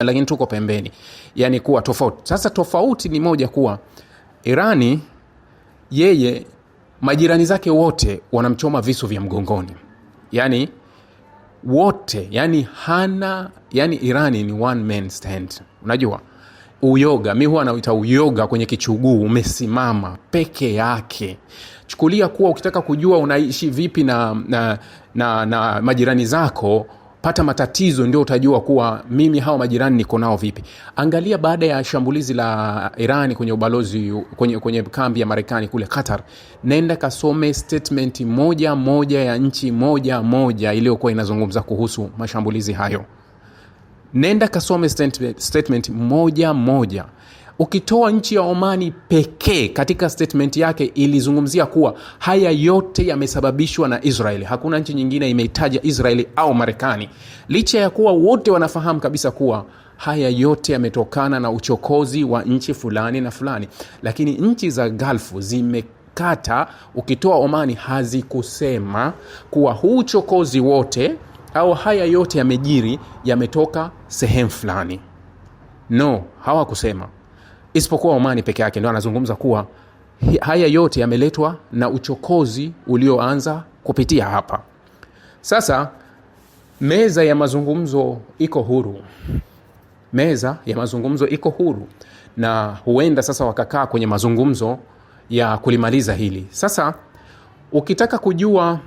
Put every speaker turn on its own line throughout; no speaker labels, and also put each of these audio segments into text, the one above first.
lakini tuko pembeni yani kuwa tofauti sasa tofauti ni moja kuwa irani yeye majirani zake wote wanamchoma visu vya mgongoni yani wote yani hana yani irani ni one man stand unajua uyoga mi huwa anaita uyoga kwenye kichuguu umesimama peke yake chukulia kuwa ukitaka kujua unaishi vipi na, na, na, na majirani zako pata matatizo, ndio utajua kuwa mimi hawa majirani niko nao vipi. Angalia baada ya shambulizi la Iran kwenye ubalozi kwenye, kwenye kambi ya Marekani kule Qatar, naenda kasome statement moja moja ya nchi moja moja iliyokuwa inazungumza kuhusu mashambulizi hayo. Nenda kasome statement moja moja ukitoa nchi ya omani pekee katika statement yake ilizungumzia kuwa haya yote yamesababishwa na israeli hakuna nchi nyingine imeitaja israeli au marekani licha ya kuwa wote wanafahamu kabisa kuwa haya yote yametokana na uchokozi wa nchi fulani na fulani lakini nchi za galfu zime kata ukitoa omani hazikusema kuwa huu uchokozi wote au haya yote yamejiri yametoka sehemu fulani no hawakusema isipokuwa Omani peke yake. Ndio anazungumza kuwa haya yote yameletwa na uchokozi ulioanza kupitia hapa. Sasa meza ya mazungumzo iko huru, meza ya mazungumzo iko huru, na huenda sasa wakakaa kwenye mazungumzo ya kulimaliza hili. Sasa ukitaka kujua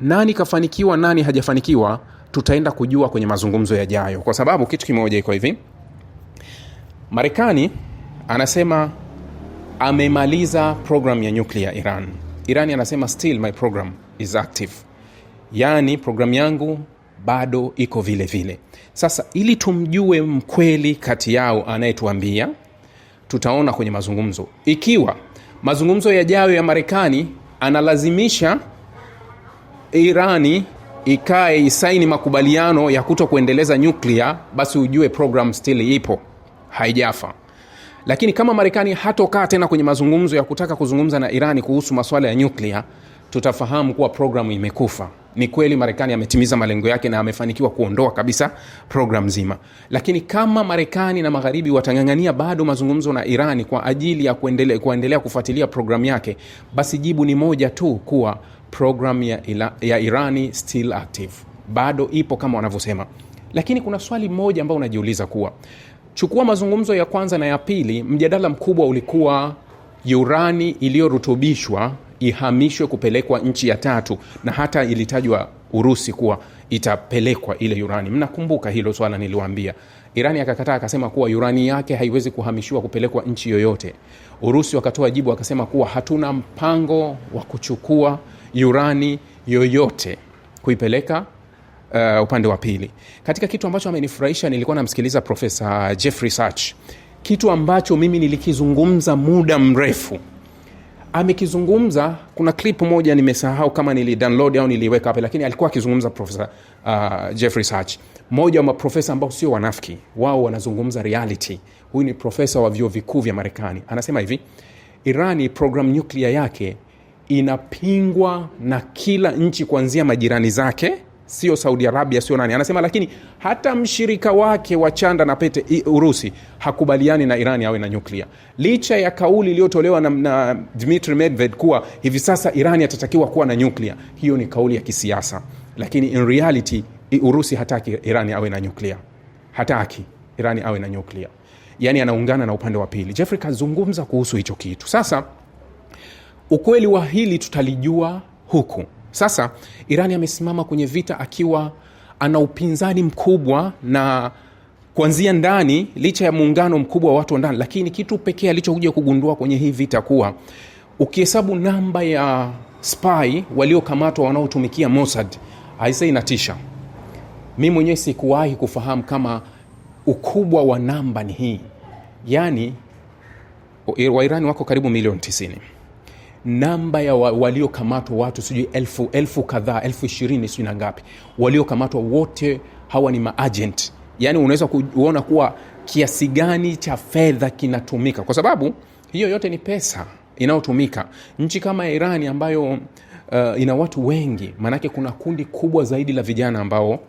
nani kafanikiwa, nani hajafanikiwa, tutaenda kujua kwenye mazungumzo yajayo, kwa sababu kitu kimoja iko hivi: Marekani anasema amemaliza program ya nyuklia Iran. Iran anasema still my program is active, yaani programu yangu bado iko vile vile. Sasa ili tumjue mkweli kati yao anayetuambia, tutaona kwenye mazungumzo, ikiwa mazungumzo yajayo ya Marekani analazimisha Irani ikae isaini makubaliano ya kuto kuendeleza nyuklia, basi ujue program still ipo haijafa. Lakini kama Marekani hatokaa tena kwenye mazungumzo ya kutaka kuzungumza na Irani kuhusu masuala ya nyuklia, tutafahamu kuwa programu imekufa. Ni kweli Marekani ametimiza malengo yake na amefanikiwa kuondoa kabisa programu zima, lakini kama Marekani na magharibi watang'ang'ania bado mazungumzo na Irani kwa ajili ya kuendelea, kuendelea kufuatilia programu yake, basi jibu ni moja tu, kuwa programu ya, ya Irani still active, bado ipo kama wanavyosema. Lakini kuna swali moja ambao unajiuliza kuwa Chukua mazungumzo ya kwanza na ya pili, mjadala mkubwa ulikuwa urani iliyorutubishwa ihamishwe kupelekwa nchi ya tatu, na hata ilitajwa Urusi kuwa itapelekwa ile urani. Mnakumbuka hilo swala niliwaambia. Irani akakataa akasema kuwa urani yake haiwezi kuhamishiwa kupelekwa nchi yoyote. Urusi wakatoa jibu akasema kuwa hatuna mpango wa kuchukua urani yoyote kuipeleka uh, upande wa pili. Katika kitu ambacho amenifurahisha, nilikuwa namsikiliza Profesa Jeffrey sach kitu ambacho mimi nilikizungumza muda mrefu amekizungumza. Kuna clip moja nimesahau kama nilidownload au niliweka hapa, lakini alikuwa akizungumza Profesa uh, Jeffrey sach mmoja wa maprofesa ambao sio wanafiki, wao wanazungumza reality. Huyu ni profesa wa vyuo vikuu vya Marekani, anasema hivi, Irani programu nyuklia yake inapingwa na kila nchi kuanzia majirani zake sio Saudi Arabia, sio nani. Anasema lakini hata mshirika wake wa chanda na pete Urusi hakubaliani na Irani awe na nyuklia, licha ya kauli iliyotolewa na, na Dmitri Medved kuwa hivi sasa Irani atatakiwa kuwa na nyuklia. Hiyo ni kauli ya kisiasa, lakini in reality Urusi hataki Irani awe na nyuklia, hataki Irani awe na nyuklia, yaani anaungana na upande wa pili. Jeffrey kazungumza kuhusu hicho kitu. Sasa ukweli wa hili tutalijua huku sasa Irani amesimama kwenye vita akiwa ana upinzani mkubwa na kuanzia ndani, licha ya muungano mkubwa wa watu wa ndani, lakini kitu pekee alichokuja kugundua kwenye hii vita kuwa ukihesabu namba ya spy waliokamatwa wanaotumikia Mossad, na inatisha. Mi mwenyewe sikuwahi kufahamu kama ukubwa wa namba ni hii, yani Wairani wako karibu milioni 90 namba ya waliokamatwa watu sijui elfu, elfu kadhaa elfu ishirini sijui na ngapi waliokamatwa wote hawa ni maagent yaani unaweza kuona kuwa kiasi gani cha fedha kinatumika kwa sababu hiyo yote ni pesa inayotumika nchi kama irani ambayo uh, ina watu wengi maanake kuna kundi kubwa zaidi la vijana ambao uh,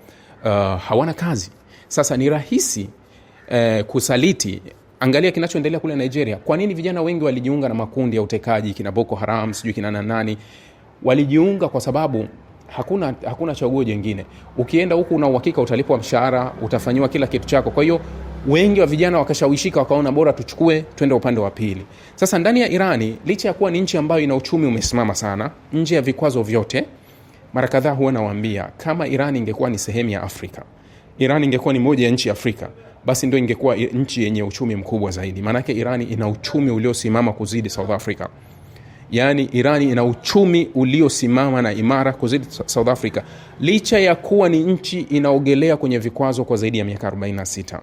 hawana kazi sasa ni rahisi uh, kusaliti Angalia kinachoendelea kule Nigeria. Kwa nini vijana wengi walijiunga na makundi ya utekaji, kina Boko Haram, sijui kina nanani? Walijiunga kwa sababu hakuna hakuna chaguo jengine Ukienda huku una uhakika utalipwa mshahara, utafanyiwa kila kitu chako. Kwa hiyo wengi wa vijana wakashawishika, wakaona bora tuchukue twende upande wa pili. Sasa ndani ya Irani, licha ya kuwa ni nchi ambayo ina uchumi umesimama sana, nje ya vikwazo vyote, mara kadhaa huwa nawaambia kama Irani ingekuwa ni sehemu ya Afrika, Irani ingekuwa ni moja ya nchi ya Afrika basi ndio ingekuwa nchi yenye uchumi mkubwa zaidi. Maanake Irani ina uchumi uliosimama kuzidi South Africa, yaani Irani ina uchumi uliosimama na imara kuzidi South Africa, licha ya kuwa ni nchi inaogelea kwenye vikwazo kwa zaidi ya miaka 46.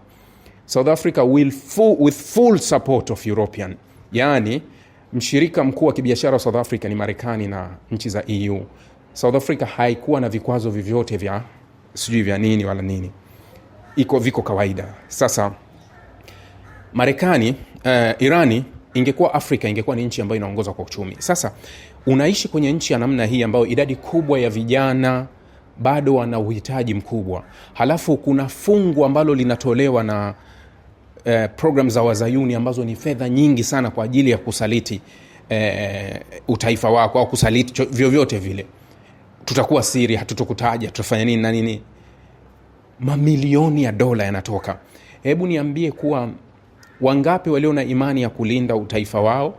South Africa will full, with full support of European, yaani mshirika mkuu wa kibiashara wa South Africa ni Marekani na nchi za EU. South Africa haikuwa na vikwazo vyovyote vya sijui vya nini wala nini iko viko kawaida sasa marekani uh, irani ingekuwa afrika ingekuwa ni nchi ambayo inaongozwa kwa uchumi sasa unaishi kwenye nchi ya namna hii ambayo idadi kubwa ya vijana bado wana uhitaji mkubwa halafu kuna fungu ambalo linatolewa na eh, program za wazayuni ambazo ni fedha nyingi sana kwa ajili ya kusaliti eh, utaifa wako au kusaliti vyovyote vile tutakuwa siri hatutokutaja tutafanya nini na nini mamilioni ya dola yanatoka. Hebu niambie kuwa wangapi walio na imani ya kulinda utaifa wao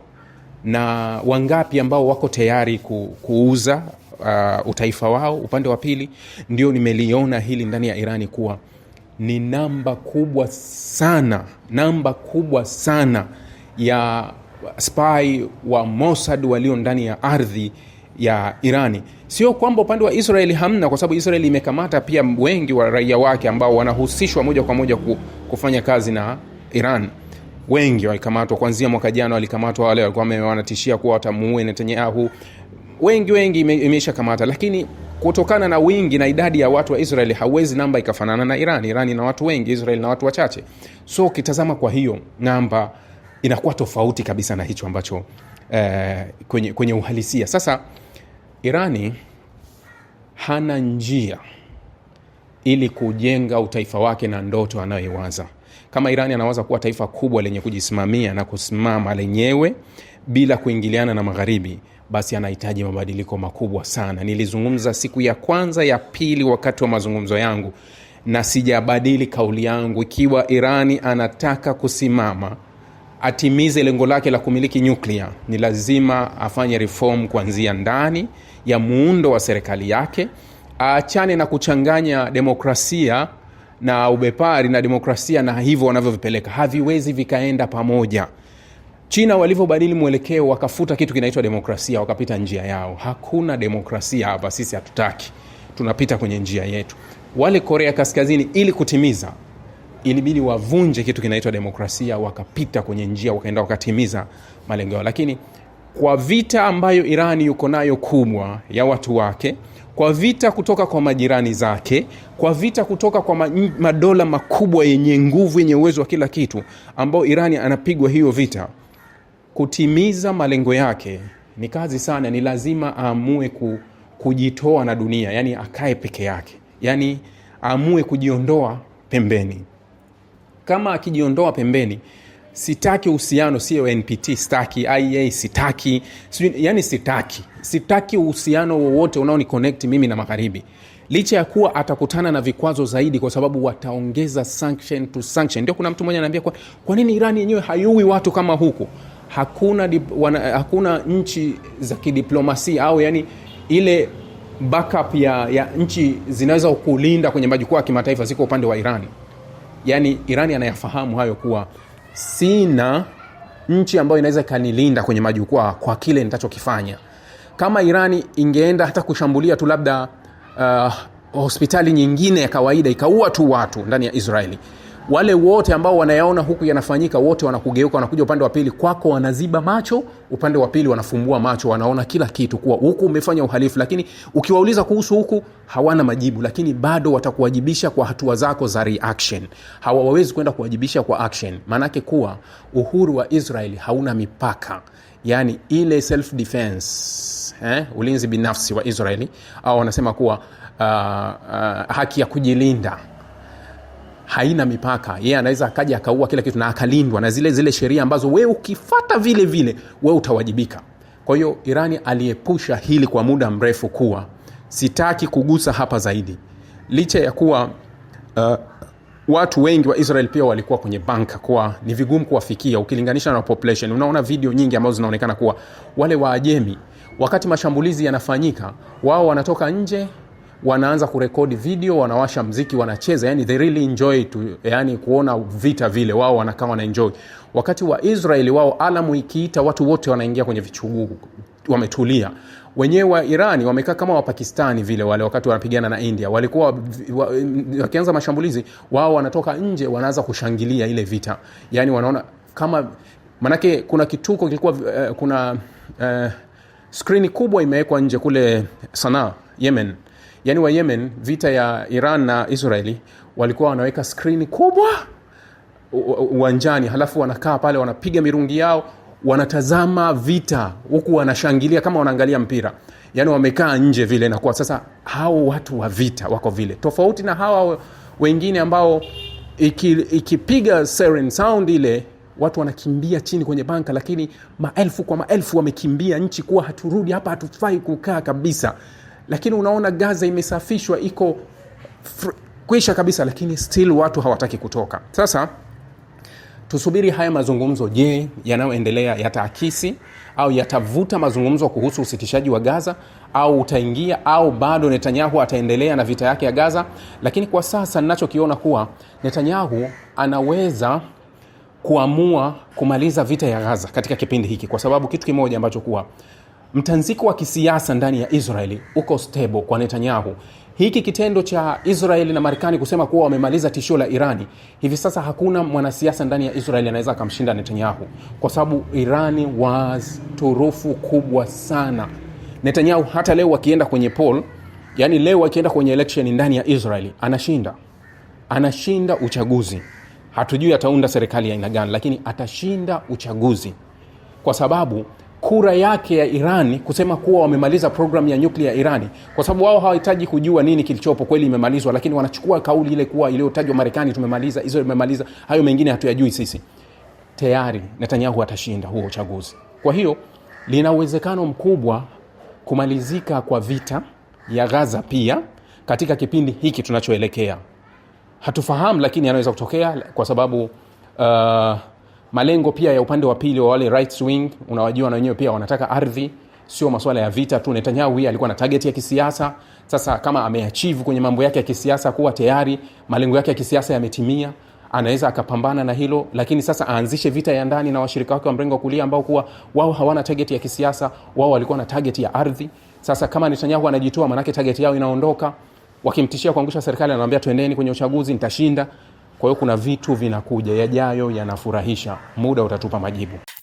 na wangapi ambao wako tayari ku, kuuza uh, utaifa wao. Upande wa pili ndio nimeliona hili ndani ya Irani kuwa ni namba kubwa sana, namba kubwa sana ya spy wa Mossad walio ndani ya ardhi ya Irani. Sio kwamba upande wa Israeli hamna, kwa sababu Israeli imekamata pia wengi wa raia wake ambao wanahusishwa moja kwa moja kufanya kazi na Iran. Wengi walikamatwa kuanzia mwaka jana, walikamatwa wale walikuwa wanatishia kuwa watamuue Netanyahu. Wengi wengi imeisha kamata, lakini kutokana na wingi na idadi ya watu wa Israeli hauwezi namba ikafanana na Iran. Iran ina watu wengi, Israeli na watu wachache, so ukitazama kwa hiyo namba inakuwa tofauti kabisa na hicho ambacho eh, kwenye, kwenye uhalisia sasa Irani hana njia ili kujenga utaifa wake na ndoto anayoiwaza. Kama Irani anawaza kuwa taifa kubwa lenye kujisimamia na kusimama lenyewe bila kuingiliana na magharibi, basi anahitaji mabadiliko makubwa sana. Nilizungumza siku ya kwanza ya pili, wakati wa mazungumzo yangu, na sijabadili kauli yangu. Ikiwa Irani anataka kusimama atimize lengo lake la kumiliki nyuklia, ni lazima afanye reform kuanzia ndani ya muundo wa serikali yake, aachane na kuchanganya demokrasia na ubepari na demokrasia na hivyo wanavyovipeleka haviwezi vikaenda pamoja. China walivyobadili mwelekeo, wakafuta kitu kinaitwa demokrasia, wakapita njia yao. Hakuna demokrasia hapa, sisi hatutaki, tunapita kwenye njia yetu. Wale Korea Kaskazini, ili kutimiza, ilibidi wavunje kitu kinaitwa demokrasia, wakapita kwenye njia, wakaenda wakatimiza malengo yao, lakini kwa vita ambayo Irani yuko nayo kubwa ya watu wake, kwa vita kutoka kwa majirani zake, kwa vita kutoka kwa madola makubwa yenye nguvu, yenye uwezo wa kila kitu, ambao Irani anapigwa hiyo vita, kutimiza malengo yake ni kazi sana. Ni lazima aamue ku, kujitoa na dunia, yani akae peke yake, yani aamue kujiondoa pembeni. Kama akijiondoa pembeni sitaki uhusiano, sio NPT sitaki, IA sitaki, yani sitaki, sitaki uhusiano wowote unaoniconnect mimi na magharibi, licha ya kuwa atakutana na vikwazo zaidi, kwa sababu wataongeza sanction to sanction. Ndio kuna mtu mmoja anaambia kwa, kwa nini Irani yenyewe hayui watu kama huku? Hakuna, dip, wana, hakuna nchi za kidiplomasia au yani ile backup ya, ya nchi zinaweza kulinda kwenye majukwaa ya kimataifa ziko upande wa Irani. Yani Irani anayafahamu hayo kuwa sina nchi ambayo inaweza ikanilinda kwenye majukwaa kwa kile nitachokifanya kama irani ingeenda hata kushambulia tu labda uh, hospitali nyingine ya kawaida ikaua tu watu ndani ya israeli wale wote ambao wanayaona huku yanafanyika wote wanakugeuka wanakuja upande wa pili kwako wanaziba macho upande wa pili wanafumbua macho wanaona kila kitu kuwa huku umefanya uhalifu lakini ukiwauliza kuhusu huku hawana majibu lakini bado watakuwajibisha kwa hatua zako za reaction hawawezi kwenda kuwajibisha kwa action maanake kuwa uhuru wa israel hauna mipaka yaani ile self defense eh, ulinzi binafsi wa israeli au wanasema kuwa uh, uh, haki ya kujilinda haina mipaka yeye yeah, anaweza akaja akaua kila kitu na akalindwa na zile zile sheria ambazo wewe ukifata vile vile wewe utawajibika kwa hiyo irani aliepusha hili kwa muda mrefu kuwa sitaki kugusa hapa zaidi licha ya kuwa uh, watu wengi wa israel pia walikuwa kwenye banka kuwa ni vigumu kuwafikia ukilinganisha na population unaona video nyingi ambazo zinaonekana kuwa wale waajemi wakati mashambulizi yanafanyika wao wanatoka nje wanaanza kurekodi video, wanawasha mziki, wanacheza, yani they really enjoy to, yani kuona vita vile, wao wanakaa wana enjoy. Wakati wa Israeli wao alamu ikiita watu wote wanaingia kwenye vichuguu, wametulia. Wenyewe wa Irani wamekaa kama Wapakistani vile, wale wakati wanapigana na India walikuwa wakianza mashambulizi, wao wanatoka nje, wanaanza kushangilia ile vita, yani wanaona kama manake kuna kituko kilikuwa uh, kuna uh, eh, skrini kubwa imewekwa nje kule Sanaa, Yemen yani wa yemen vita ya iran na israeli walikuwa wanaweka skrini kubwa uwanjani halafu wanakaa pale wanapiga mirungi yao wanatazama vita huku wanashangilia kama wanaangalia mpira yani wamekaa nje vile nakuwa sasa hao watu wa vita wako vile tofauti na hawa wengine ambao ikipiga iki, sound ile watu wanakimbia chini kwenye banka lakini maelfu kwa maelfu wamekimbia nchi kuwa haturudi hapa hatufai kukaa kabisa lakini unaona gaza imesafishwa iko kwisha kabisa lakini still watu hawataki kutoka sasa tusubiri haya mazungumzo je yanayoendelea yataakisi au yatavuta mazungumzo kuhusu usitishaji wa gaza au utaingia au bado netanyahu ataendelea na vita yake ya gaza lakini kwa sasa ninachokiona kuwa netanyahu anaweza kuamua kumaliza vita ya gaza katika kipindi hiki kwa sababu kitu kimoja ambacho kuwa mtanziko wa kisiasa ndani ya Israeli uko stable kwa Netanyahu. Hiki kitendo cha Israeli na Marekani kusema kuwa wamemaliza tishio la Irani, hivi sasa hakuna mwanasiasa ndani ya Israeli anaweza akamshinda Netanyahu kwa sababu Irani was turufu kubwa sana. Netanyahu hata leo akienda kwenye poll, yani leo akienda kwenye election ndani ya Israeli anashinda, anashinda uchaguzi. Hatujui ataunda serikali ya aina gani, lakini atashinda uchaguzi kwa sababu kura yake ya Irani kusema kuwa wamemaliza programu ya nyuklia ya Irani, kwa sababu wao hawahitaji kujua nini kilichopo kweli imemalizwa, lakini wanachukua kauli ile kuwa iliyotajwa Marekani, tumemaliza hizo imemaliza hayo mengine hatuyajui sisi. Tayari Netanyahu atashinda huo uchaguzi. Kwa hiyo lina uwezekano mkubwa kumalizika kwa vita ya Gaza pia katika kipindi hiki tunachoelekea. Hatufahamu, lakini anaweza kutokea kwa sababu uh, malengo pia ya upande wa pili wa wale right wing unawajua na wenyewe pia wanataka ardhi sio masuala ya vita tu netanyahu hii alikuwa na tageti ya kisiasa sasa kama ameachivu kwenye mambo yake ya kisiasa kuwa tayari malengo yake ya kisiasa yametimia anaweza akapambana na hilo lakini sasa aanzishe vita ya ndani na washirika wake wa mrengo wa kulia ambao kuwa wao hawana tageti ya kisiasa wao walikuwa na tageti ya ardhi sasa kama netanyahu anajitoa manake tageti yao inaondoka wakimtishia kuangusha serikali anawambia tuendeni kwenye uchaguzi nitashinda kwa hiyo kuna vitu vinakuja, yajayo yanafurahisha. Muda utatupa majibu.